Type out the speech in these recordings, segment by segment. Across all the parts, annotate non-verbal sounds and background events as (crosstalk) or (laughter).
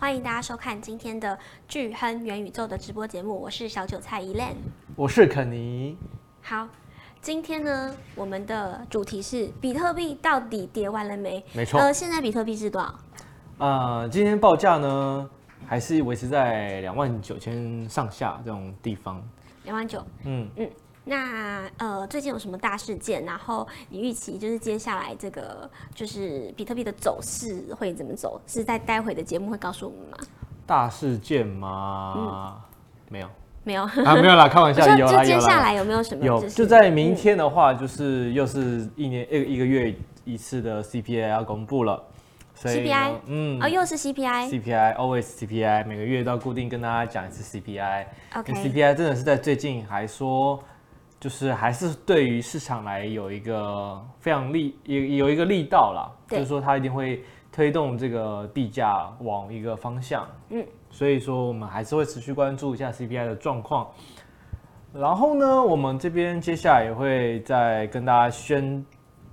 歡迎大家收看今天的鉅亨元宇宙的直播節目，我是小韭菜 Elaine。我是肯尼。好，今天呢，我們的主題是比特幣到底跌完了沒？沒錯。呃，現在比特幣是多少？啊、呃，今天報價呢，還是維持在兩萬九千上下這種地方。兩萬九。嗯嗯。嗯那呃，最近有什麼大事件？然後你預期就是接下來這個就是比特幣的走勢會怎麼走？是在待會的節目會告訴我們嗎？大事件嗎？嗯、沒有，沒有啊，沒有啦，開玩笑，有，接下來有沒有什麼有有？有，就在明天的話，就是又是一年一，嗯、一個月一次的 CPI 要公布了。CPI，嗯，啊，又是 CPI，CPI，always CPI，每個月都要固定跟大家講一次 CPI。OK，CPI 因為真的是在最近還說。就是還是對於市場來有一個非常利，有有一個力道啦。就是說它一定會推動這個幣價往一個方向。嗯，所以說我們還是會持續關注一下 CPI 的狀況。然後呢，我們這邊接下來也會再跟大家宣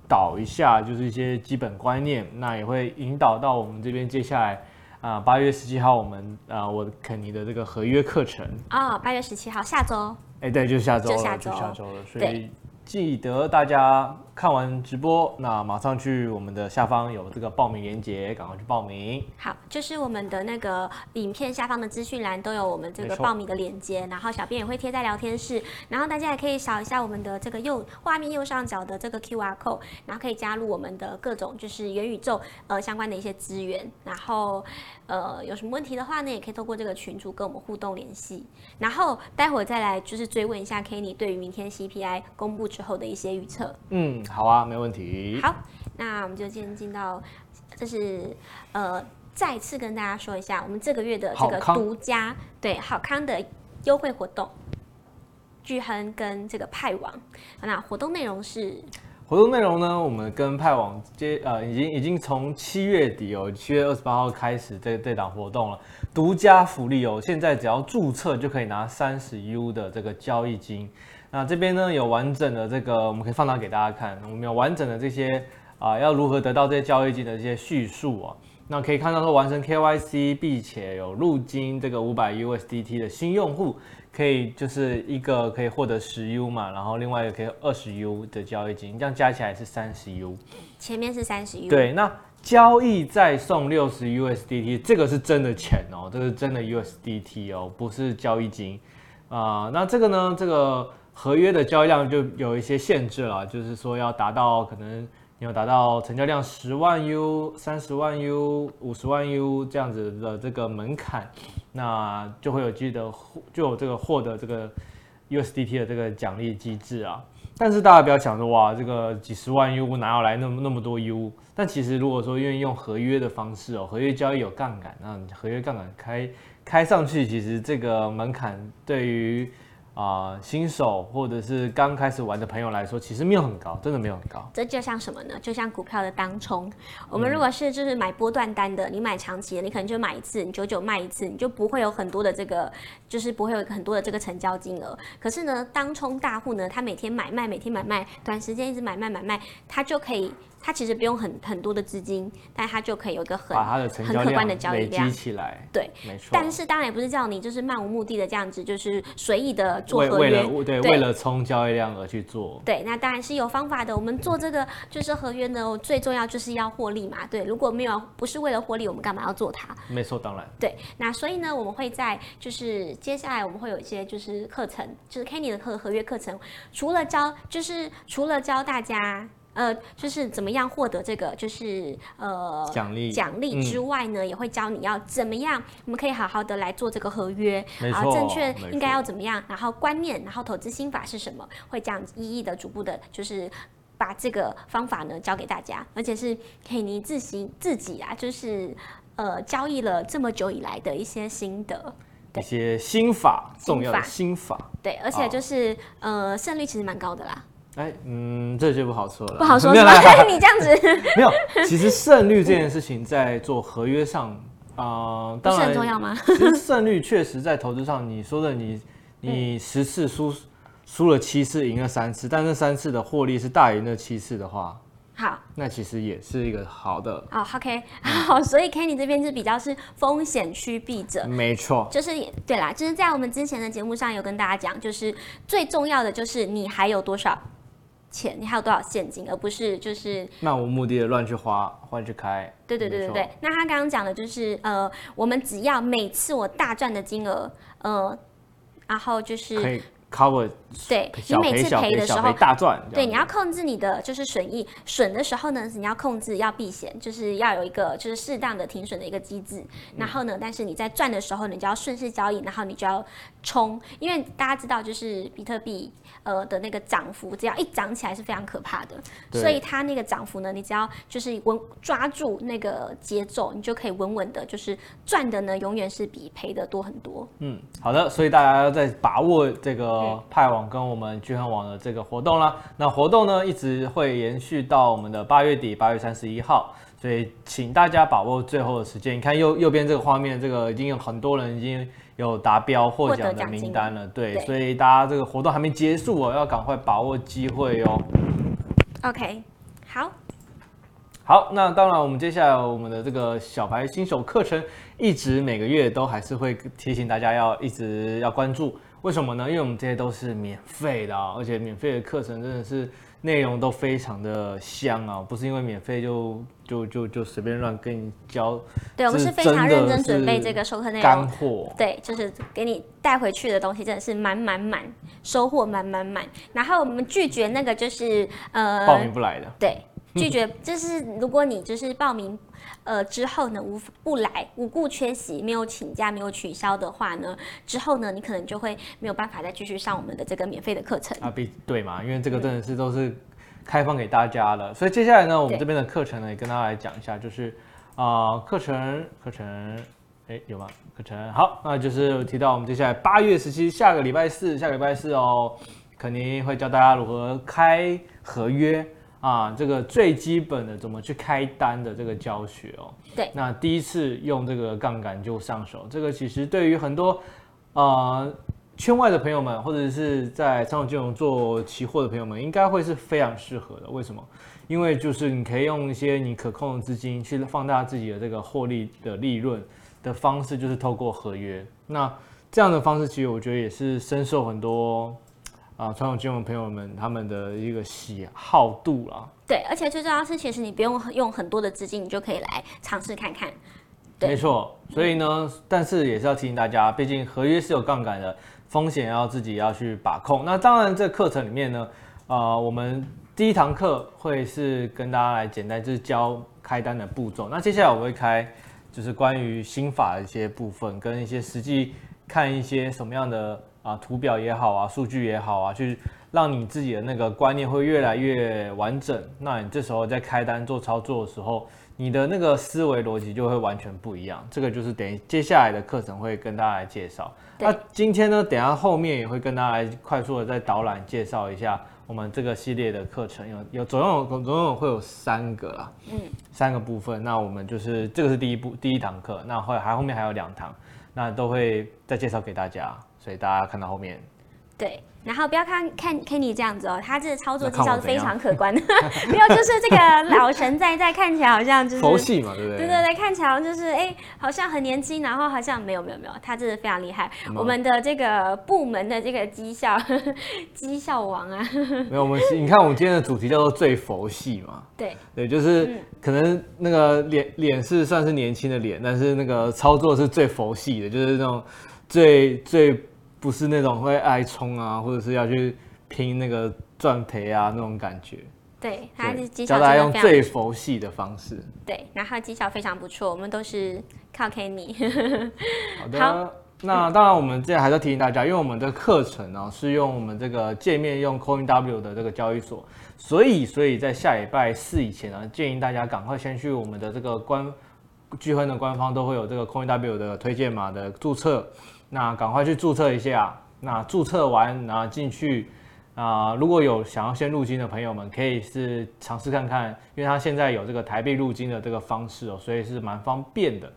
導一下，就是一些基本觀念，那也會引導到我們這邊接下來。啊，八、呃、月十七號，我們啊、呃，我肯尼的這個合約課程啊，八月十七號，下周，哎，對，就下周了，就下周，就下周了，所以記得大家。看完直播，那馬上去我們的下方有這個報名鏈接，趕快去報名。好，就是我們的那個影片下方的資訊欄都有我們這個報名的鏈接，沒錯。然後小編也會貼在聊天室，然後大家也可以掃一下我們的這個右畫面右上角的這個 QR code，然後可以加入我們的各種就是元宇宙呃相關的一些資源，然後呃有什麼問題的話呢，也可以透過這個群組跟我們互動聯繫，然後待會再來就是追問一下 Kenny 對於明天 CPI 公布之後的一些預測。嗯。好啊，沒問題。好，那我們就先進到，這是呃，再次跟大家說一下，我們這個月的這個獨家好康對好康的優惠活動，鉅亨跟這個派網。那活動內容是？活動內容呢，我們跟派網接呃，已經已經從七月底哦，七月二十八號開始這這檔活動了。獨家福利哦，現在只要注冊就可以拿三十 U 的這個交易金。那這邊呢，有完整的這個，我們可以放大給大家看。我們有完整的這些啊、呃，要如何得到這些交易金的這些敘述啊。那可以看到說，完成 KYC 並且有入金這個五百 USDT 的新用戶，可以就是一個可以獲得十 U 嘛，然後另外一個可以二十 U 的交易金，這樣加起來是三十 U。前面是三十 U。對，那交易再送六十 USDT，這個是真的錢哦，這個是真的 USDT 哦，不是交易金啊、呃。那這個呢，這個。合約的交易量就有一些限制了啊，就是說要達到可能你要達到成交量十萬 u、三十萬 u、五十萬 u 這樣子的這個門檻，那就會有記得就有這個獲得這個 USDT 的這個獎勵機制啊。但是大家不要想着哇，這個幾十萬 u 哪有來那麼那麼多 u？但其實如果說願意用合約的方式哦，合約交易有槓桿，那你合約槓桿開開上去，其實這個門檻對於。啊，uh, 新手或者是剛開始玩的朋友來說，其實沒有很高，真的沒有很高。這就像什麼呢？就像股票的當沖。我們如果是就是買波段單的，你買長期的，你可能就買一次，你久久賣一次，你就不會有很多的這個，就是不會有很多的這個成交金額。可是呢，當沖大戶呢，他每天買賣，每天買賣，短時間一直買賣買賣，他就可以。它其實不用很很多的資金，但它就可以有一個很很可觀的交易量累積起來。對，沒錯。但是當然也不是叫你就是漫無目的的這樣子，就是隨意的做合約。為為了，對，為了衝對交易量而去做。對，那當然是有方法的。我們做這個就是合約呢，最重要就是要獲利嘛。對，如果沒有不是為了獲利，我們幹嘛要做它？沒錯，當然。對，那所以呢，我們會在就是接下來我們會有一些就是課程，就是 Kenny 的合合約課程，除了教就是除了教大家。呃，就是怎麼樣獲得這個，就是呃獎勵獎勵之外呢，嗯、也會教你要怎麼樣。我們可以好好的來做這個合約，沒錯、然後正確應該要怎麼樣，沒錯、然後觀念，然後投資心法是什麼，會這樣一一的逐步的，就是把這個方法呢教給大家，而且是肯尼自己自己啊，就是呃交易了這麼久以來的一些心得，一些心法，心法重要的心法，對，啊、而且就是呃勝率其實蠻高的啦。哎，嗯，這就不好說了。不好說是。是吧有？ (laughs) 你這樣子沒有。其實勝率這件事情在做合約上啊、嗯呃，當然是很重要嗎？其實勝率確實在投資上，你說的你你十次輸、嗯、輸了七次，贏了三次，但是三次的獲利是大於那七次的話，好，那其實也是一個好的。好、oh,，OK，、嗯、好，所以 Kenny 這邊是比較是風險趨避者，沒錯，就是對啦，就是在我們之前的節目上有跟大家講，就是最重要的就是你還有多少。錢，你還有多少現金，而不是就是漫無目的的亂去花，亂去開？對，對對對對對。錯那他剛剛講的就是，呃，我們只要每次我大賺的金額，呃，然後就是。cover，對，你每次賠的時候大賺，對，肥你要控制你的就是損益，損的時候呢，你要控制要避險，就是要有一個就是適當的停損的一個機制。然後呢，嗯、但是你在賺的時候，你就要順勢交易，然後你就要衝，因為大家知道就是比特幣呃的那個漲幅，只要一漲起來是非常可怕的，對所以它那個漲幅呢，你只要就是穩抓住那個節奏，你就可以穩穩的，就是賺的呢永遠是比賠的多很多。嗯，好的，所以大家要在把握這個。派網跟我們鉅亨網的這個活動啦，那活動呢一直會延續到我們的八月底，八月三十一號，所以請大家把握最後的時間。你看右右邊這個畫面，這個已經有很多人已經有達標獲獎的名單了，對，所以大家這個活動還沒結束哦、啊，要趕快把握機會哦。OK，好，好，那當然我們接下來我們的這個小白新手課程，一直每個月都還是會提醒大家要一直要關注。為什麼呢？因為我們這些都是免費的、哦，而且免費的課程真的是內容都非常的香啊、哦！不是因為免費就就就就隨便亂跟你教。對，我們是非常認真準備這個授課內容，乾貨。對，就是給你帶回去的東西真的是滿滿滿，收穫滿滿滿。然後我們拒絕那個就是呃，報名不來的。對。拒絕就是，如果你就是報名，呃，之後呢無不來無故缺席，沒有請假，沒有取消的話呢，之後呢你可能就會沒有辦法再繼續上我們的這個免費的課程。啊，必，對嘛，因為這個真的是都是開放給大家了。嗯、所以接下來呢，我們這邊的課程呢也跟大家來講一下，就是啊、呃，課程課程，哎，有嗎？課程好，那就是提到我們接下來八月十七下個禮拜四，下個禮拜四哦，肯定會教大家如何開合約。嗯啊，這個最基本的怎麼去開單的這個教學哦。對，那第一次用這個槓桿就上手，這個其實對於很多啊、呃、圈外的朋友們，或者是在傳統金融做期貨的朋友們，應該會是非常適合的。為什麼？因為就是你可以用一些你可控的資金去放大自己的這個獲利的利潤的方式，就是透過合約。那這樣的方式，其實我覺得也是深受很多。啊，傳統金融朋友們他們的一個喜好度啦。對，而且最重要是，其實你不用用很多的資金，你就可以來嘗試看看。對，沒錯，所以呢，嗯、但是也是要提醒大家，畢竟合約是有槓桿的風險，要自己要去把控。那當然，這課程裡面呢，啊、呃，我們第一堂課會是跟大家來簡單就是教開單的步驟。那接下來我會開就是關於心法的一些部分，跟一些實際看一些什麼樣的。啊，圖表也好啊，數據也好啊，去讓你自己的那個觀念會越來越完整。那你這時候在開單做操作的時候，你的那個思維邏輯就會完全不一樣。這個就是等接下來的課程會跟大家來介紹。那對、啊、今天呢，等下後面也會跟大家快速的再導覽介紹一下我們這個系列的課程，有有總共有總共有會有三個啦，嗯，三個部分。那我們就是這個是第一步第一堂課，那後還後面還有兩堂，那都會再介紹給大家。所以大家看到後面，對，然後不要看看 Kenny 這樣子哦，他這個操作績效是非常可觀的。 (laughs) (laughs) 沒有，就是這個老神在在看起來好像就是佛系嘛，對不對？對對對，看起來好像就是哎，好像很年輕，然後好像沒有沒有沒有，他真的非常厲害。麼我們的這個部門的這個績效呵呵績效王啊， (laughs) 沒有我們，你看我們今天的主題叫做最佛系嘛，對對，就是可能那個臉、嗯、臉是算是年輕的臉，但是那個操作是最佛系的，就是那種最最。不是那種會愛衝啊，或者是要去拼那個賺賠啊那種感覺。對，教對他用最佛系的方式。對，然後技巧非常不錯，我們都是靠 K 你。 (laughs) 好的，好，那當然我們現在還是要提醒大家，因為我們的課程呢、啊、是用我們這個界面用 CoinW 的這個交易所，所以所以在下禮拜四以前呢，建議大家趕快先去我們的這個官鉅亨的官方都會有這個 CoinW 的推薦碼的注冊。那趕快去注冊一下、啊，那注冊完然後進去，啊、呃，如果有想要先入金的朋友們，可以是嘗試看看，因為它現在有這個台幣入金的這個方式哦，所以是蠻方便的。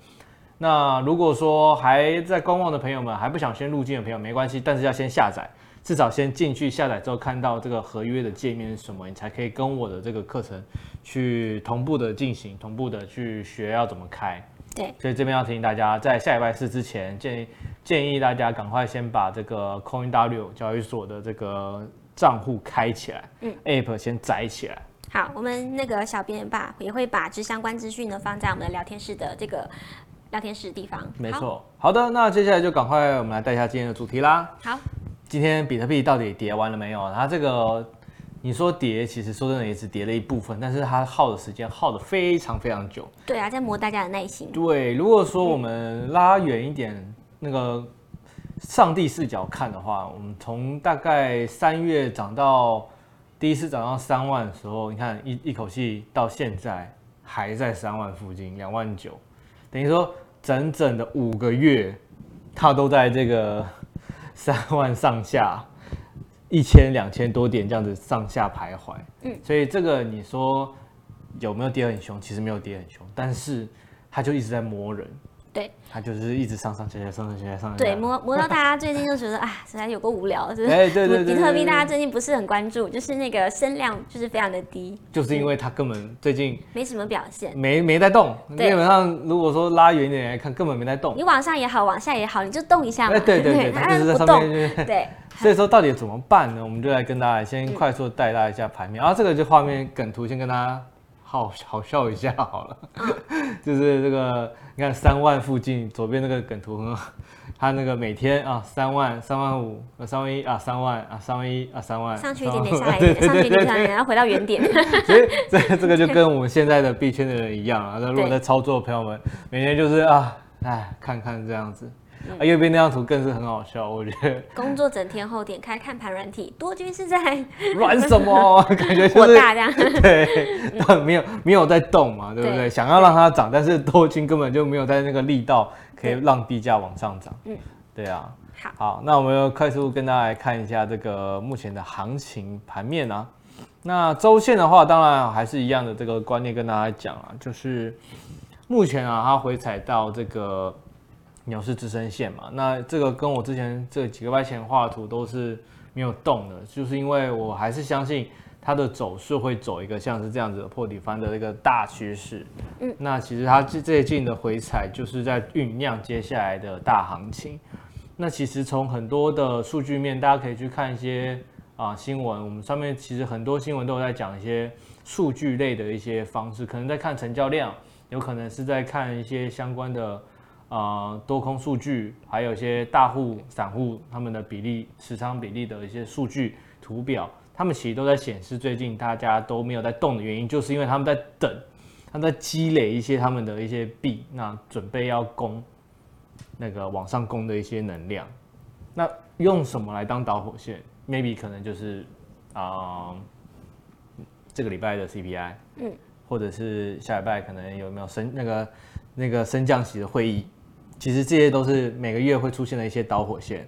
那如果說還在觀望的朋友們，還不想先入金的朋友，沒關係，但是要先下載，至少先進去下載之後看到這個合約的界面是什麼，你才可以跟我的這個課程去同步的進行，同步的去學要怎麼開。對，所以這邊要提醒大家，在下禮拜四之前建議，建建議大家趕快先把這個 CoinW 交易所的這個賬戶開起來，嗯，App 先載起來。好，我們那個小編把也會把這相關資訊呢放在我們的聊天室的這個聊天室地方。沒錯，好，好的，那接下來就趕快我們來帶一下今天的主題啦。好，今天比特幣到底跌完了沒有？它這個。你說跌，其實說真的也只跌了一部分，但是它耗的時間耗的非常非常久。對啊，在磨大家的耐心。對，如果說我們拉遠一點，嗯、那個上帝視角看的話，我們從大概三月漲到第一次漲到三萬的時候，你看一一口氣到現在還在三萬附近，兩萬九，等於說整整的五個月，它都在這個三萬上下。一千兩千多點這樣子上下徘徊，嗯，所以這個你說有沒有跌很凶？其實沒有跌很凶，但是它就一直在磨人。對，它就是一直上上下下上下上下下上。對，磨磨到大家最近就覺得啊，實在有夠無聊。哎，對對對。比 (laughs) 特幣大家最近不是很關注，就是那個聲量就是非常的低。對就是因為它根本最近沒什麼表現，沒在對沒在動。基本上如果說拉遠一點來看，根本沒在動。你往上也好，往下也好，你就動一下嘛。對對對，它一直在動。對。所以說到底怎麼辦呢？我們就來跟大家先快速帶大家一下盤面，然後、嗯啊、這個就畫面梗圖先跟大家好好笑一下好了。哦、就是這個，你看三萬附近左邊那個梗圖很好，他那個每天啊三萬三萬五呃三萬一啊三萬啊三萬一啊三萬，上去一點點，下來一點，對對對對上去一點點，下來一點，然後回到原點。所以這這個就跟我們現在的幣圈的人一樣啊，那如果在操作的朋友們，對每天就是啊哎看看這樣子。嗯啊、右邊那張圖更是很好笑，我覺得工作整天後點開看盤軟體，多軍是在軟 (laughs) 什麼、啊。感覺就是我大這樣，對，嗯、沒有沒有在動嘛，對不對？對想要讓它漲，對但是多軍根本就沒有在那個力道可以讓幣價往上漲。嗯對，對啊，嗯，好，好，那我們要快速跟大家來看一下這個目前的行情盤面啊。那週線的話，當然還是一樣的這個觀念跟大家講啊，就是目前啊，它回踩到這個。牛市支撐線嘛，那這個跟我之前這幾個外線畫圖都是沒有動的，就是因為我還是相信它的走勢會走一個像是這樣子的破底翻的一個大趨勢。嗯，那其實它最近的回踩就是在醞釀接下來的大行情。那其實從很多的數據面，大家可以去看一些啊新聞。我們上面其實很多新聞都有在講一些數據類的一些方式，可能在看成交量，有可能是在看一些相關的。啊、呃，多空數據，還有一些大戶、散戶他們的比例、持倉比例的一些數據圖表，他們其實都在顯示，最近大家都沒有在動的原因，就是因為他們在等，他們在積累一些他們的一些幣，那準備要攻那個往上攻的一些能量。那用什麼來當導火線？Maybe 可能就是啊、呃，這個禮拜的 CPI，嗯，或者是下禮拜可能有沒有升那個那個升降息的會議。其實這些都是每個月會出現的一些導火線，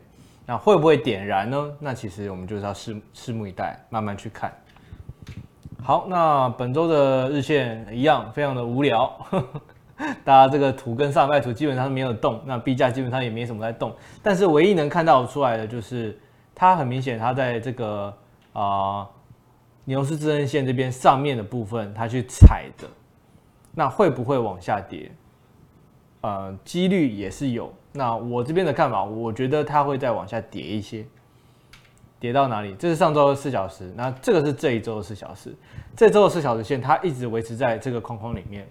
那會不會點燃呢？那其實我們就是要拭拭目以待，慢慢去看。好，那本周的日線一樣非常的無聊， (laughs) 大家這個圖跟上禮拜圖基本上沒有動，那 B 價基本上也沒什麼在動，但是唯一能看到出來的就是它很明顯它在這個啊、呃、牛市支撐線這邊上面的部分它去踩的，那會不會往下跌？呃，幾率也是有。那我這邊的看法，我覺得它會再往下跌一些，跌到哪裡？這是上周的四小時，那這個是這一周的四小時。這周的四小時線，它一直維持在這個框框裡面，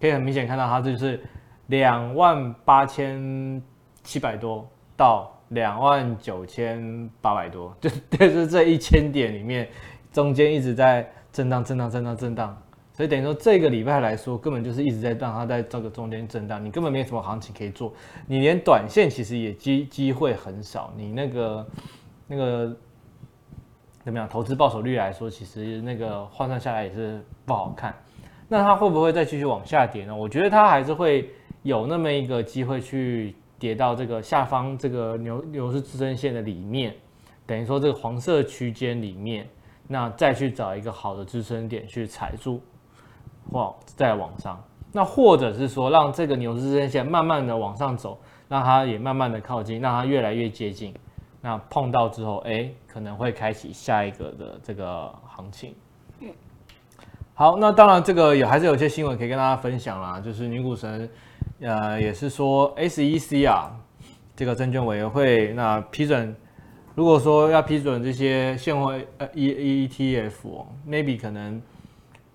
可以很明顯看到它，就是兩萬八千七百多到兩萬九千八百多，就是、就是這一千點裡面，中間一直在震盪、震盪、震盪、震盪。所以等於說，這個禮拜來說，根本就是一直在讓它在這個中間震盪，你根本沒什麼行情可以做，你連短線其實也機機會很少。你那個那個怎麼樣投資報酬率來說，其實那個換算下來也是不好看。那它會不會再繼續往下跌呢？我覺得它還是會有那麼一個機會去跌到這個下方這個牛牛市支撐線的裡面，等於說這個黃色區間裡面，那再去找一個好的支撐點去踩住。或、wow, 再往上，那或者是說讓這個牛市均線慢慢的往上走，讓它也慢慢的靠近，讓它越來越接近，那碰到之後，哎，可能會開啟下一個的這個行情。嗯，好，那當然這個也還是有些新聞可以跟大家分享啦，就是女股神，呃，也是說 SEC 啊，這個證券委員會那批准，如果說要批准這些現貨呃 E、ETF，maybe、哦、可能。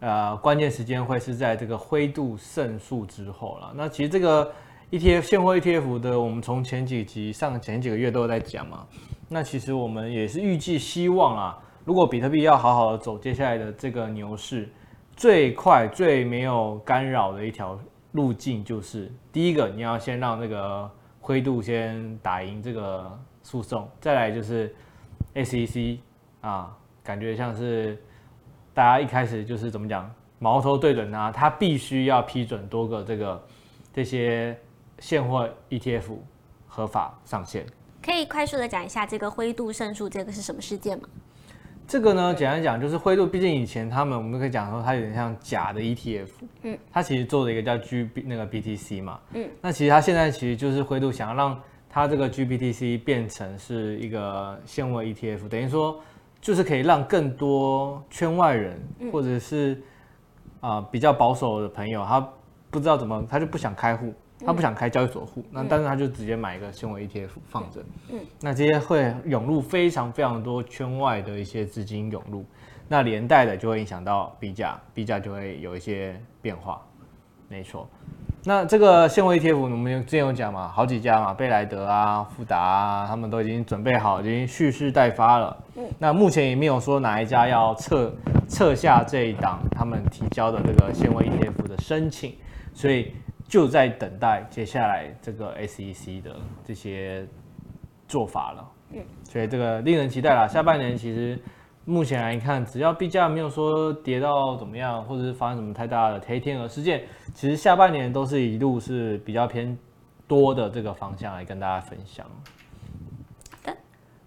呃，關鍵時間會是在這個灰度勝訴之後了。那其實這個 ETF 現貨 ETF 的，我們從前幾集上前幾個月都有在講嘛。那其實我們也是預計希望啊，如果比特幣要好好的走接下來的這個牛市，最快最沒有干擾的一條路徑就是，第一個你要先讓這個灰度先打贏這個訴訟，再來就是 SEC 啊，感覺像是。大家一開始就是怎麼講，矛頭對準他、啊，他必須要批准多個這個這些現貨 ETF 合法上線。可以快速的講一下這個灰度勝訴這個是什麼事件嗎？這個呢，簡單講就是灰度，畢竟以前他們我們可以講說它有點像假的 ETF，嗯，它其實做了一個叫 G B, 那個 BTC 嘛，嗯，那其實它現在其實就是灰度想要讓它這個 G BTC 變成是一個現貨 ETF，等於說。就是可以讓更多圈外人，或者是啊、呃、比較保守的朋友，他不知道怎麼，他就不想開戶，他不想開交易所戶，那但是他就直接買一個新聞 ETF 放着。那這些會湧入非常非常多圈外的一些資金湧入，那連帶的就會影響到幣價，幣價就會有一些變化。沒錯。那這個纖維貼 t 我們之前有講嘛，好幾家嘛，貝萊德啊、富達啊，他們都已經準備好，已經蓄勢待發了。嗯、那目前也沒有說哪一家要撤撤下這一檔他們提交的這個纖維貼 t 的申請，所以就在等待接下來這個 SEC 的這些做法了。嗯，所以這個令人期待啦。下半年其實目前來看，只要 B 價沒有說跌到怎麼樣，或者是發生什麼太大的黑天鵝事件。其實下半年都是一路是比較偏多的這個方向來跟大家分享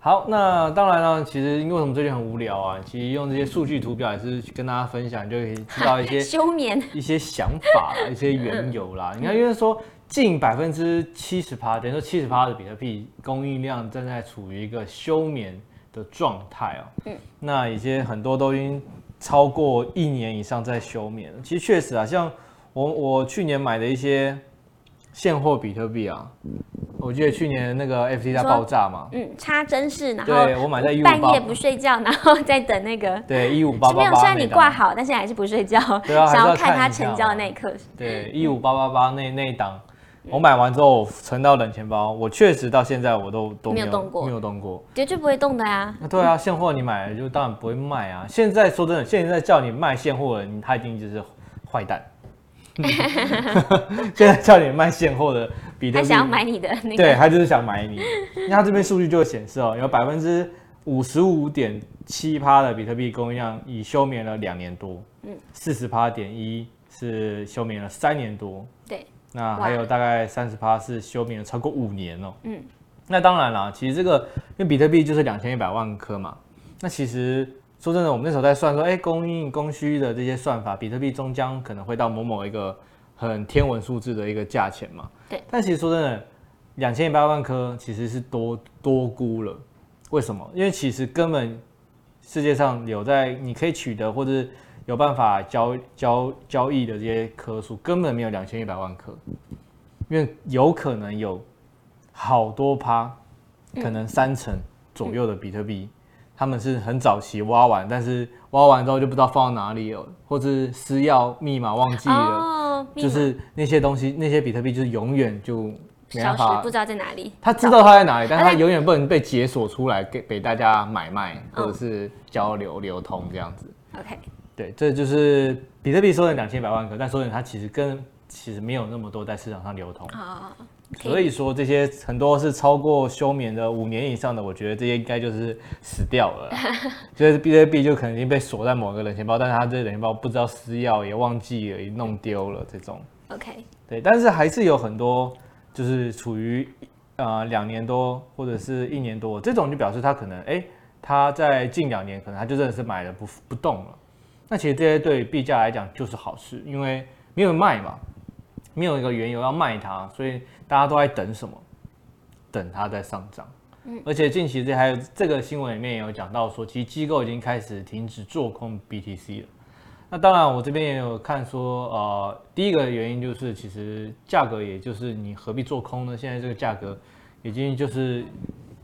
好。好，那當然了，其實因為，為什麼最近很無聊啊，其實用這些數據圖表也是去跟大家分享，就可以知道一些休眠、一些想法、一些緣由啦。你看，因為說近百分之七十八，等於說七十八的比特幣供應量正在處於一個休眠的狀態哦、啊。嗯，那已經很多都已經超過一年以上在休眠了。其實確實啊，像。我我去年買的一些現貨比特幣啊，我記得去年那個 F T 在爆炸嘛，嗯，插針式，然後半夜不睡覺，然後再等那個，對，一五八八八，雖然你掛好，但是還是不睡覺，想、啊、要看它成交的那一刻。對，一五八八八那那一檔，嗯、我買完之後存到冷錢包，我確實到現在我都都沒有，沒有動過，沒有動過，絕對不會動的呀、啊啊。對啊，現貨你買了就當然不會賣啊。嗯、現在說真的，現在叫你賣現貨的，他一定就是壞蛋。 (laughs) 現在叫你賣現貨的比特幣，他想要買你的那個。對，他就是想買你。那他這邊數據就會顯示哦，有百分之五十五點七趴的比特幣供應量已休眠了兩年多 40. 1。嗯。四十趴點一是休眠了三年多。對。那還有大概三十趴是休眠了超過五年哦。嗯。那當然了，其實這個因為比特幣就是兩千一百萬顆嘛，那其實。說真的，我們那時候在算說，哎，供應供需的這些算法，比特幣終將可能會到某某一個很天文數字的一個價錢嘛？對。但其實說真的，兩千一百萬顆其實是多多估了。為什麼？因為其實根本世界上留在你可以取得或者是有辦法交交交易的這些顆數根本沒有兩千一百萬顆，因為有可能有好多趴，可能三成左右的比特幣。嗯嗯他們是很早期挖完，但是挖完之後就不知道放到哪裡了，或者私鑰密碼忘記了，哦、就是那些東西，那些比特幣就是永遠就沒辦法，不知道在哪裡。他知道他在哪裡，好但他永遠不能被解鎖出來給給大家買賣或者是交流、哦、流通這樣子。OK，對，這就是比特幣收了兩千一百萬個，但收了它其實跟其實沒有那麼多在市場上流通。哦 Okay. 所以說這些很多是超過休眠的五年以上的，我覺得這些應該就是死掉了， (laughs) 就是 BNB 就可能已經被鎖在某個冷錢包，但是它這個冷錢包不知道私鑰也忘記了也弄丟了這種。OK，對，但是還是有很多就是處於呃兩年多或者是一年多這種，就表示他可能哎，他在近兩年可能他就真的是買了不不動了。那其實這些對於幣價來講就是好事，因為沒有賣嘛，沒有一個緣由要賣它，所以。大家都在等什麼？等它再上漲。而且近期這還有這個新聞裡面也有講到說，其實機構已經開始停止做空 BTC 了。那當然，我這邊也有看說，呃，第一個原因就是其實價格，也就是你何必做空呢？現在這個價格已經就是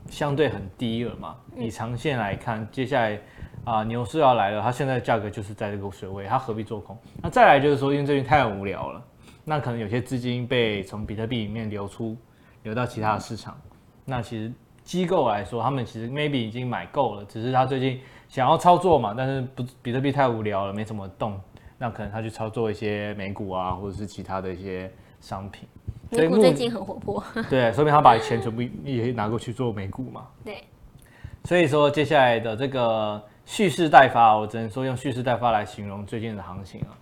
相對很低了嘛。你長線來看，接下來啊、呃、牛市要來了，它現在價格就是在這個水位，它何必做空？那再來就是說，因為最近太無聊了。那可能有些資金被從比特幣裡面流出，流到其他的市場。嗯、那其實機構來說，他們其實 maybe 已經買夠了，只是他最近想要操作嘛。但是不，比特幣太無聊了，沒怎麼動。那可能他去操作一些美股啊，或者是其他的一些商品。美股最近很活潑， (laughs) 對，說明他把錢全部也拿過去做美股嘛。對。所以說，接下來的這個蓄勢待發，我只能說用蓄勢待發來形容最近的行情啊。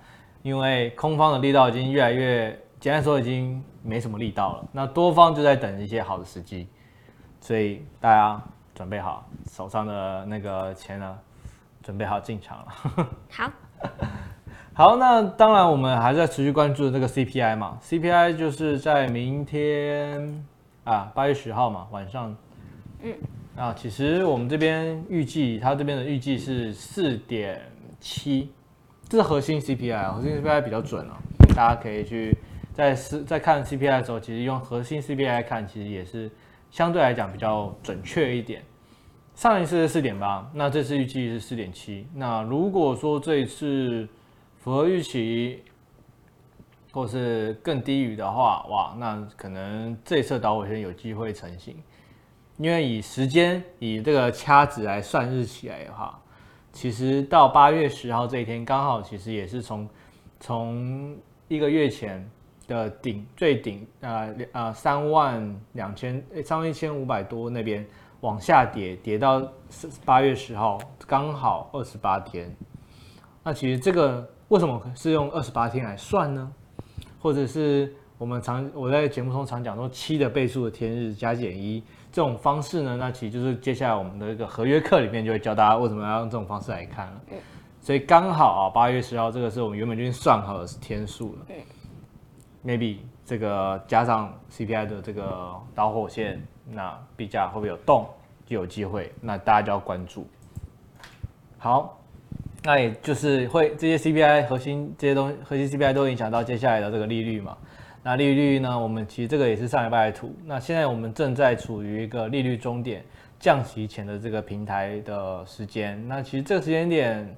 因為空方的力道已經越來越，簡單說已經沒什麼力道了。那多方就在等一些好的時機，所以大家準備好手上的那個錢呢、啊，準備好進場了。好， (laughs) 好，那當然我們還在持續關注這個 CPI 嘛，CPI 就是在明天啊，八月十號嘛，晚上。嗯，啊，其實我們這邊預計它這邊的預計是四點七。是核心 CPI 啊，核心 CPI 比較準哦、啊，大家可以去在在看 CPI 的時候，其實用核心 CPI 看，其實也是相對來講比較準確一點。上一次是四點八，那這次預計是四點七。那如果說，這一次符合預期，或是更低於的話，哇，那可能這次導火線有機會成型。因為以時間以這個掐指來算日期來的話。其實到八月十號這一天，剛好其實也是從從一個月前的頂最頂，呃呃三萬兩千，呃三萬一千五百多那邊往下跌，跌到八月十號，剛好二十八天。那其實這個為什麼是用二十八天來算呢？或者是我們常我在節目中常講說七的倍數的天日加減一，這種方式呢，那其實就是接下來我們的一個合約課裡面就會教大家為什麼要用這種方式來看了。所以剛好啊，八月十號這個是我們原本就算好的天數了。Maybe 這個加上 CPI 的這個導火線，嗯、那幣價會不會有動，就有機會，那大家就要關注。好，那也就是會這些 CPI 核心這些東，核心 CPI 都會影響到接下來的這個利率嘛？那利率呢？我們其實這個也是上禮拜的圖。那現在我們正在處於一個利率終點降息前的這個平台的時間。那其實這個時間點，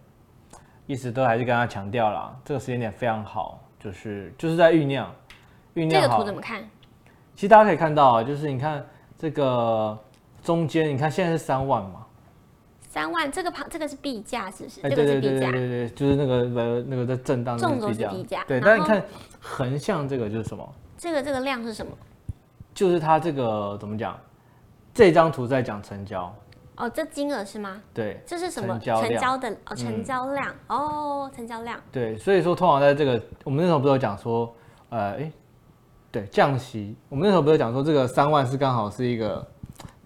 一直都還是跟大家強調啦，這個時間點非常好，就是就是在醞釀。醞釀這個圖怎麼看？其實大家可以看到啊，就是你看這個中間，你看現在是三萬嘛。三萬，這個旁這個是幣價，是不是？哎這個是幣價，對對對對對，就是那個呃那個在震盪那個幣價。縱價，對。但後你看橫向這個就是什麼？這個這個量是什麼？就是它這個怎麼講？這張圖在講成交。哦，這金額是嗎？對。這是什麼？成交，成交的哦，成交量哦，成交量。對，所以說通常在這個我們那時候不是有講說，呃，哎，對降息，我們那時候不是有講說這個三萬是剛好是一個。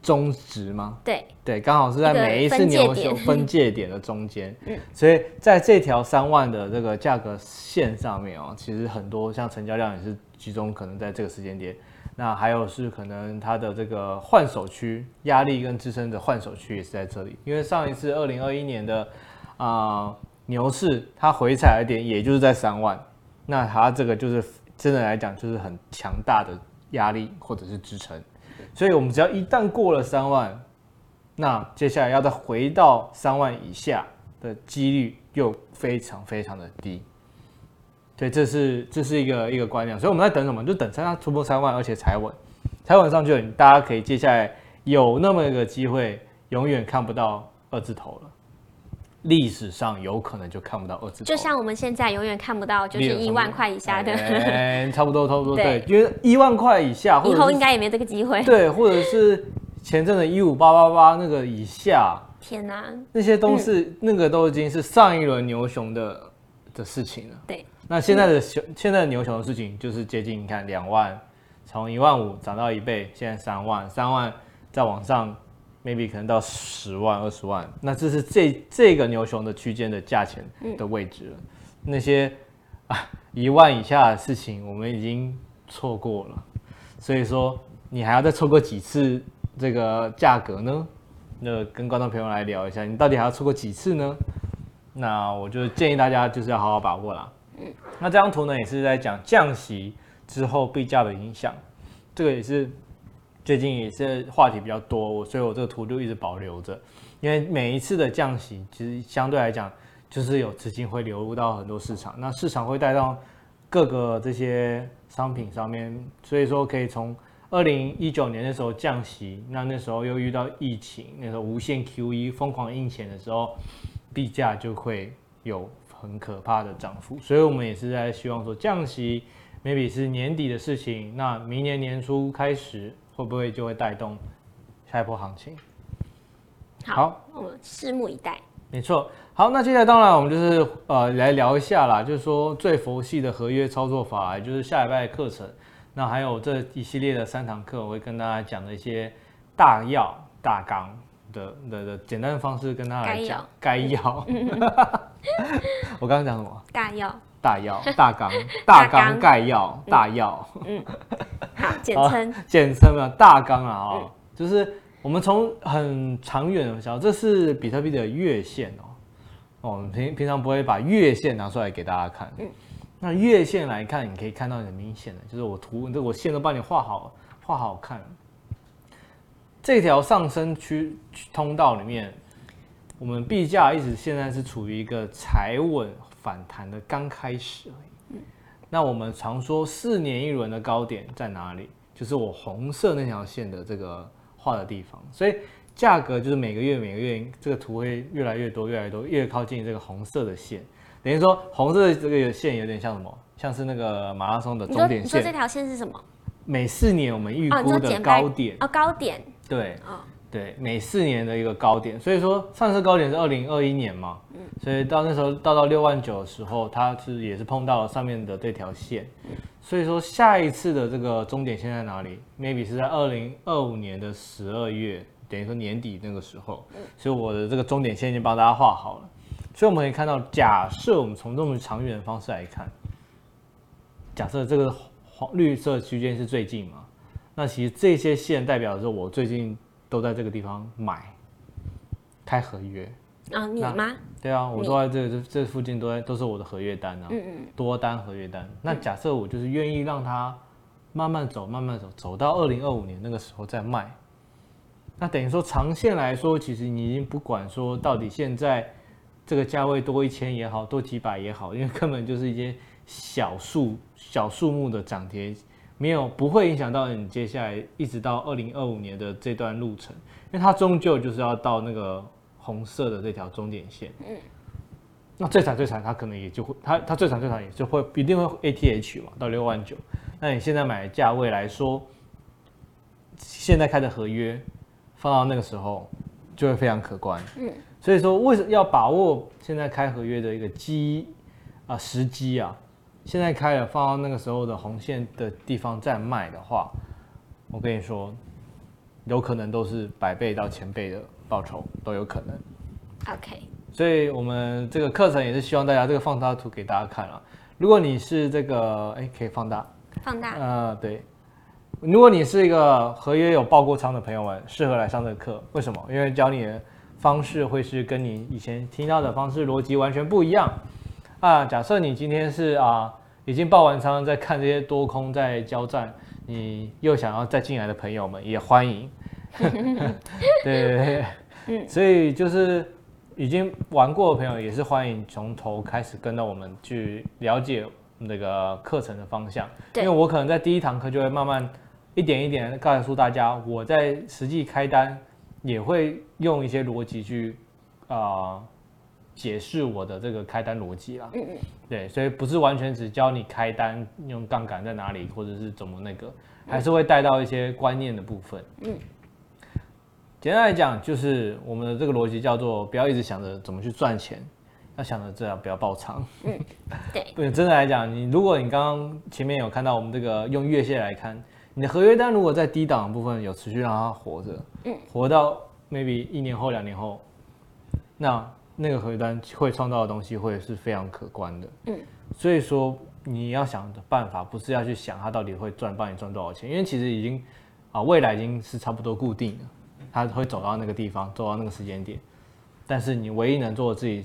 中值嗎？對對，剛好是在每一次牛熊分界點的中間。 (laughs) 所以在這條三萬的這個價格線上面啊、哦，其實很多像成交量也是集中，可能在這個時間點。那還有是可能它的這個換手區壓力跟支撐的換手區也是在這裡，因為上一次二零二一年的啊、呃、牛市它回踩的點也就是在三萬，那它這個就是真的來講就是很強大的壓力或者是支撐。所以，我們只要一旦過了三萬，那接下來要再回到三萬以下的幾率又非常非常的低。對，這是這是一個一個觀念。所以我們在等什麼？就等它突破三萬，而且踩穩，踩穩上去了，大家可以接下來有那麼一個機會，永遠看不到二字頭了。歷史上有可能就看不到二次，就像我們現在永遠看不到就是一萬塊以下的，差, (laughs) 差不多差不多對，因為一萬塊以下，以後應該也沒這個機會。對，或者是前陣子一五八八八那個以下，天哪、啊，那些都是、嗯、那個都已經是上一輪牛熊的的事情了。對，那現在的熊，現在的牛熊的事情就是接近，你看兩萬，從一萬五漲到一倍，現在三萬，三萬再往上。maybe 可能到十萬二十萬，那這是這這個牛熊的區間的價錢的位置了。嗯、那些啊一萬以下的事情我們已經錯過了，所以說你還要再錯過幾次這個價格呢？那跟觀眾朋友來聊一下，你到底還要錯過幾次呢？那我就建議大家就是要好好把握啦。嗯，那這張圖呢也是在講降息之後幣價的影響，這個也是。最近也是話題比較多，所以我這個圖就一直保留着。因為每一次的降息，其實相對來講，就是有資金會流入到很多市場，那市場會帶動各個這些商品上面。所以說，可以從二零一九年的時候降息，那那時候又遇到疫情，那時候無限 QE 瘋狂印錢的時候，幣價就會有很可怕的漲幅。所以我們也是在希望說，降息 maybe 是年底的事情，那明年年初開始。會不會就會帶動下一波行情？好，好，我們拭目以待。沒錯，好，那接下來當然我們就是呃來聊一下啦，就是說最佛系的合約操作法，就是下禮拜的課程，那還有這一系列的三堂課，我會跟大家講的一些大要大綱的的，的，的簡單的方式跟大家來講。概要。概要。我剛剛講什麼？ (laughs) (laughs) 大要。大要大綱大綱 (laughs) 綱概要、嗯、大要嗯 (laughs) 好簡稱稱簡稱啊大綱啊哈就是我們從很長遠的想，這是比特幣的月線哦，哦我們平平常不會把月線拿出來給大家看、嗯、那月線來看你可以看到很明顯的，就是我圖這我線都幫你畫好畫好看，這條上升區通道裡面，我們幣價一直現在是處於一個踩穩。反彈的剛開始。那我們常說四年一輪的高點在哪裡？就是我紅色那條線的這個畫的地方。所以價格就是每個月每個月這個圖會越來越多，越來越多，越靠近這個紅色的線，等於說紅色的這個線有點像什麼？像是那個馬拉松的終點線。你說你說這條線是什麼？每四年我們預估的高點啊，高點對啊。對，每四年的一個高點，所以說上次高點是二零二一年嘛，所以到那時候到到六萬九的時候，它是也是碰到了上面的這條線，所以說下一次的這個終點線在哪裡？Maybe 是在二零二五年的十二月，等於說年底那個時候，所以我的這個終點線已經幫大家畫好了。所以我們可以看到，假設我們從這麼長遠的方式來看，假設這個黃綠色區間是最近嘛，那其實這些線代表的是我最近。都在這個地方買，開合約啊、哦，你嗎？對啊，我都在這個、你這附近，都在都是我的合約單啊。嗯嗯。多單合約單，那假設我就是願意讓它慢慢走，慢慢走，走到二零二五年那個時候再賣，那等於說長線來說，其實你已經不管說到底現在這個價位多一千也好，多幾百也好，因為根本就是一些小數小數目的漲跌。沒有，不會影響到你接下來一直到二零二五年的這段路程，因為它終究就是要到那個紅色的這條終點線。嗯，那最慘最慘，它可能也就會，它它最慘最慘也就會一定會 ATH 嘛，到六萬九。那你現在買的價位來說，現在開的合約，放到那個時候就會非常可觀。嗯，所以說為什麼要把握現在開合約的一個機啊時機啊？現在開了，放到那個時候的紅線的地方再賣的話，我跟你說，有可能都是百倍到千倍的報酬都有可能。OK，所以我們這個課程也是希望大家這個放大圖給大家看啊。如果你是這個，誒，可以放大，放大，啊，對。如果你是一個合約有爆過倉的朋友們，適合來上這個課，為什麼？因為教你的方式會是跟你以前聽到的方式邏輯完全不一樣。啊，假設你今天是啊，已經爆完倉，在看這些多空在交戰，你又想要再進來的朋友們也歡迎。 (laughs) 對，對對，嗯、所以就是已經玩過的朋友也是歡迎從頭開始跟到我們去了解那個課程的方向。對因為我可能在第一堂課就會慢慢一點一點告訴大家，我在實際開單也會用一些邏輯去啊。呃解釋我的這個開單邏輯啦，嗯嗯，對，所以不是完全只教你開單用槓桿在哪裡，或者是怎麼那個，還是會帶到一些觀念的部分，嗯。簡單來講，就是我們的這個邏輯叫做不要一直想着怎麼去賺錢，要想着至少不要爆倉，嗯，對。對，真的來講，你如果你剛剛前面有看到我們這個用月線來看，你的合約單如果在低檔的部分有持續讓它活着，嗯，活到 maybe 一年後、兩年後，那。那個合約端會創造的東西會是非常可觀的，嗯，所以說你要想的辦法不是要去想它到底會賺幫你賺多少錢，因為其實已經，啊未來已經是差不多固定了，它會走到那個地方，走到那個時間點，但是你唯一能做的自己、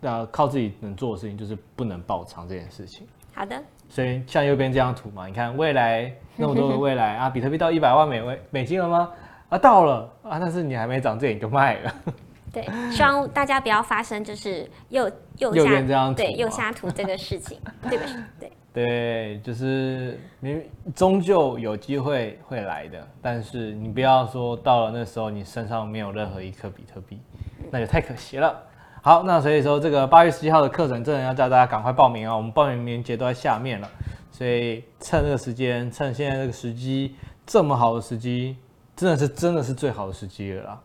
啊，呃靠自己能做的事情就是不能爆倉這件事情。好的。所以像右邊這張圖嘛，你看未來那麼多的未來啊，比特幣到一百萬美位美金了嗎？啊到了啊，但是你還沒漲，這你就賣了。對，希望大家不要發生就是右右右這對右下圖這，這個事情， (laughs) 對不對？對，對就是你終究有機會會來的，但是你不要說到了那時候你身上沒有任何一顆比特幣，那就太可惜了。好，那所以說這個八月十七號的課程，真的要叫大家趕快報名啊！我們報名鏈接，都在下面了，所以趁這個時間，趁現在這個時機，這麼好的時機，真的是真的是最好的時機了啦，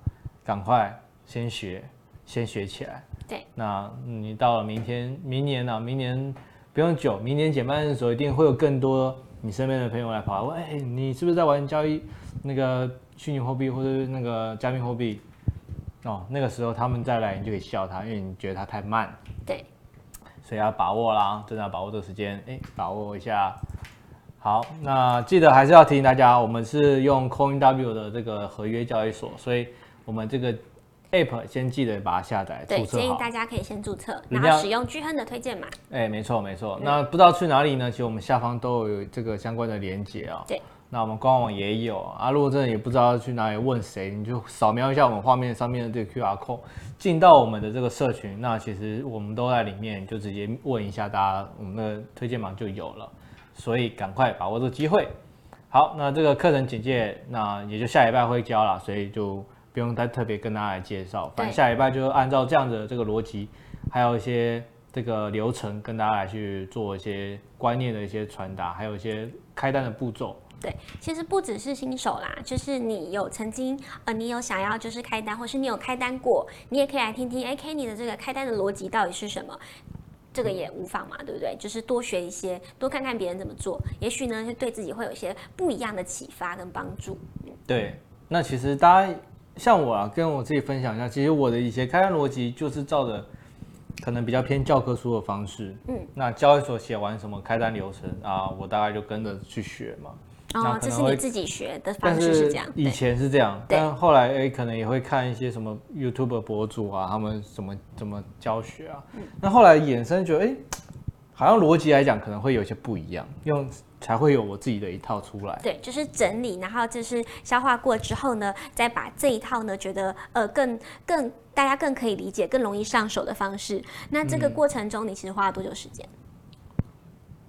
趕快。先學，先學起來。對，那你到了明天、明年呢、啊？明年不用久，明年減半的時候一定會有更多你身邊的朋友來跑來問。哎，你是不是在玩交易那個虛擬貨幣或者那個加密貨幣？哦，那個時候他們再來，你就可以笑他，因為你覺得他太慢。對，所以要把握啦，真的要把握這個時間，哎，把握一下。好，那記得還是要提醒大家，我們是用 CoinW 的這個合約交易所，所以我們這個。app 先記得把它下載，對，註冊建議大家可以先註冊，然後使用鉅亨的推薦碼。哎，沒錯沒錯。對那不知道去哪裡呢？其實我們下方都有這個相關的鏈接啊。對，那我們官網也有啊。如果真的也不知道去哪裡問誰，你就掃描一下我們畫面上面的這個 QR code，進到我們的這個社群，那其實我們都在裡面，就直接問一下大家，我們的推薦碼就有了。所以趕快把握這個機會。好，那這個課程簡介，那也就下禮拜會教了，所以就。不用太特別跟大家來介紹，對，反正下禮拜就按照這樣的這個邏輯，還有一些這個流程，跟大家來去做一些觀念的一些傳達，還有一些開單的步驟。對，其實不只是新手啦，就是你有曾經呃，你有想要就是開單，或是你有開單過，你也可以來聽聽，哎，Kenny 的這個開單的邏輯到底是什麼？這個也無妨嘛，對不對？就是多學一些，多看看別人怎麼做，也許呢，是對自己會有一些不一樣的啟發跟幫助。對，嗯，那其實大家。像我啊，跟我自己分享一下，其實我的一些開單邏輯就是照着，可能比較偏教科書的方式。嗯，那交易所寫完什麼開單流程啊，我大概就跟着去學嘛。哦，然後這是你自己學的方式是這樣。以前是這樣，對但後來哎，可能也會看一些什麼 YouTube 博主啊，他們怎麼怎麼教學啊。嗯。那後來衍生就覺得，哎，好像邏輯來講可能會有些不一樣，用。才會有我自己的一套出來。對，就是整理，然後就是消化過之後呢，再把這一套呢，覺得呃更更大家更可以理解、更容易上手的方式。那這個過程中，你其實花了多久時間？嗯，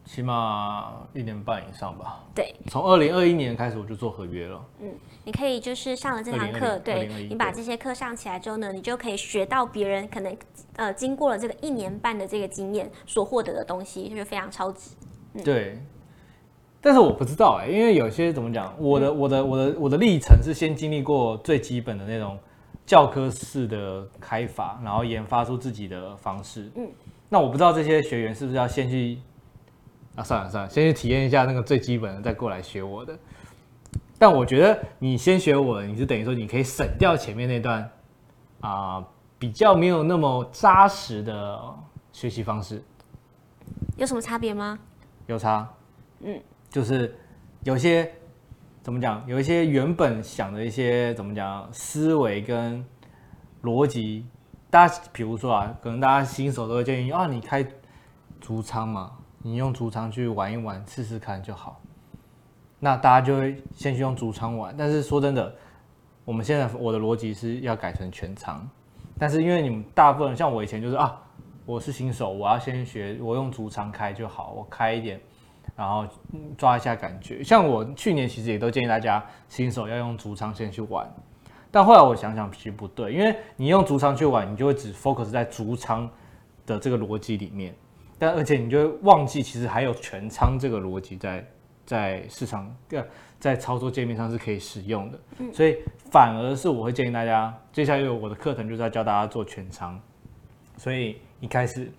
起碼一年半以上吧。對，從二零二一年開始我就做合約了。嗯，你可以就是上了這堂課，2020，對，2021，你把這些課上起來之後呢，你就可以學到別人可能呃經過了這個一年半的這個經驗所獲得的東西，是不是非常超值？嗯，對。但是我不知道哎、欸，因為有些怎麼講，我的我的我的我的歷程是先經歷過最基本的那種教科式的開法，然後研發出自己的方式。嗯，那我不知道這些學員是不是要先去啊？算了算了，先去體驗一下那個最基本的，再過來學我的。但我覺得你先學我的，你就等於說你可以省掉前面那段啊、呃，比較沒有那麼扎實的學習方式。有什麼差別嗎？有差。嗯。就是有些怎麼講，有一些原本想的一些怎麼講思維跟邏輯，大家比如說啊，可能大家新手都會建議啊，你開逐倉嘛，你用逐倉去玩一玩，試試看就好。那大家就會先去用逐倉玩，但是說真的，我們現在我的邏輯是要改成全倉，但是因為你們大部分人像我以前就是啊，我是新手，我要先學，我用逐倉開就好，我開一點。然後抓一下感覺，像我去年其實也都建議大家新手要用逐倉先去玩，但後來我想想其實不對，因為你用逐倉去玩，你就會只 focus 在逐倉的這個邏輯裡面，但而且你就會忘記其實還有全倉這個邏輯在在市場在在操作界面上是可以使用的，所以反而是我會建議大家，接下來我的課程就是要教大家做全倉，所以一開始。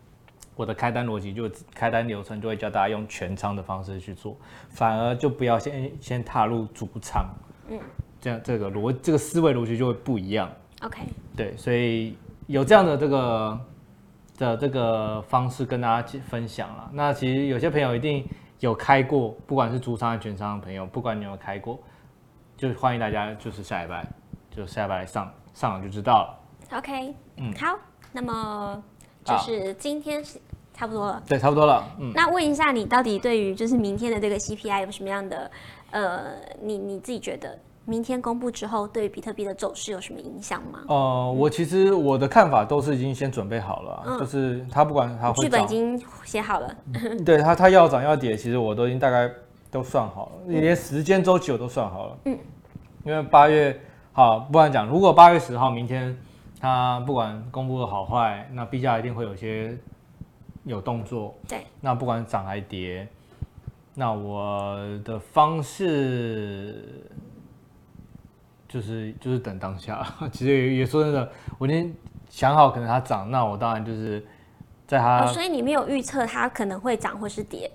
我的開單邏輯就開單流程就會教大家用全倉的方式去做，反而就不要先先踏入逐倉，嗯，這樣這個邏這個思維邏輯就會不一樣。OK，對，所以有這樣的這個的這個方式跟大家去分享了。那其實有些朋友一定有開過，不管是逐倉還是全倉的朋友，不管你有沒有開過，就歡迎大家就是下禮拜，就下禮拜上上網就知道了。OK，嗯，好，那麼。就是今天是差不多了，啊，對，差不多了。嗯，那問一下你，到底對於就是明天的這個 C P I 有什麼樣的，呃，你你自己覺得明天公布之後，對於比特幣的走勢有什麼影響嗎？呃，我其實我的看法都是已經先準備好了，嗯、就是他不管他、哦、劇本已經寫好了，嗯、對他他要漲要跌，其實我都已經大概都算好了，你連時間周期我都算好了。嗯，因為八月好，不然講，如果八月十號明天。他不管公布的好壞，那 B 價一定會有些有動作。對。那不管漲還跌，那我的方式就是就是等當下。其實也也說真的，我今天想好可能它漲，那我當然就是在他。哦，所以你沒有預測它可能會漲或是跌？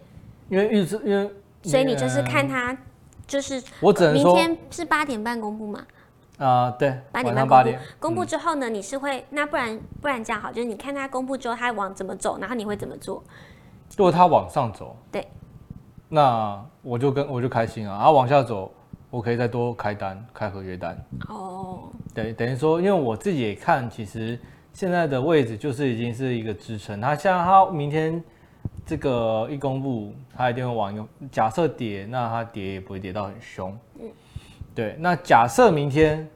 因為預測，因為所以你就是看它，就是我只能說，明天是八點半公布嗎？啊，uh, 對，八點半公布。公布之後呢，你是會，那不然、嗯、不然這樣好，就是你看它公布之後它還往怎麼走，然後你會怎麼做？如果它往上走，對，那我就跟我就開心啊。然後往下走，我可以再多開單，開合約單。哦、oh.，等等於說，因為我自己也看，其實現在的位置就是已經是一個支撐。它像在它明天這個一公布，它一定會往，假設跌，那它跌也不會跌到很凶。嗯。對，那假設明天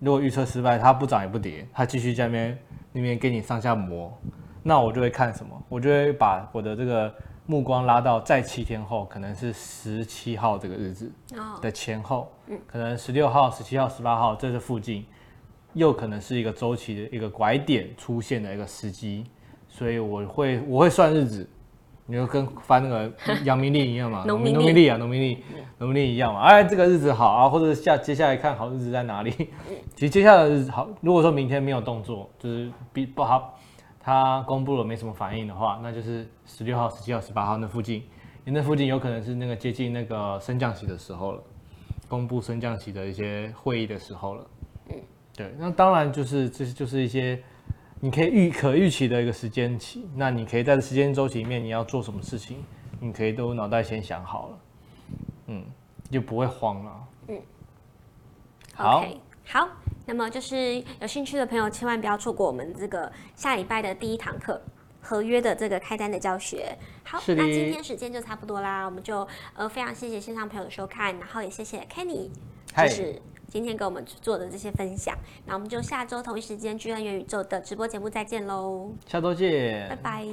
如果預測失敗，它不漲也不跌，它繼續在那邊那邊給你上下磨，那我就會看什麼？我就會把我的這個目光拉到再七天後，可能是十七號這個日子的前後，oh. 可能十六號、十七號、十八號，這是附近又可能是一個周期的一個拐點出現的一個時機，所以我會我會算日子，你就跟翻那個農民曆一樣嘛，農民農民曆啊農民曆。農民曆能不能一樣嘛？哎，這個日子好啊，或者下接下來看好日子在哪裡？其實接下來日子好，如果說明天沒有動作，就是比不好，它公布了沒什麼反應的話，那就是十六號、十七號、十八號那附近，你那附近有可能是那個接近那個升降息的時候了，公布升降息的一些會議的時候了。嗯，對，那當然就是就是就是一些你可以預可預期的一個時間期，那你可以在這時間周期裡面你要做什麼事情，你可以都腦袋先想好了。嗯，就不會慌了。嗯，好，okay, 好，那麼就是有興趣的朋友千萬不要錯過我們這個下禮拜的第一堂課，合約的這個開單的教學。好，力那今天時間就差不多啦，我們就呃非常謝謝線上朋友的收看，然後也謝謝 Kenny，就是，今天給我們做的這些分享。那 Hey 我們就下周同一時間鉅亨元宇宙的直播節目再見嘍。下周見。拜拜。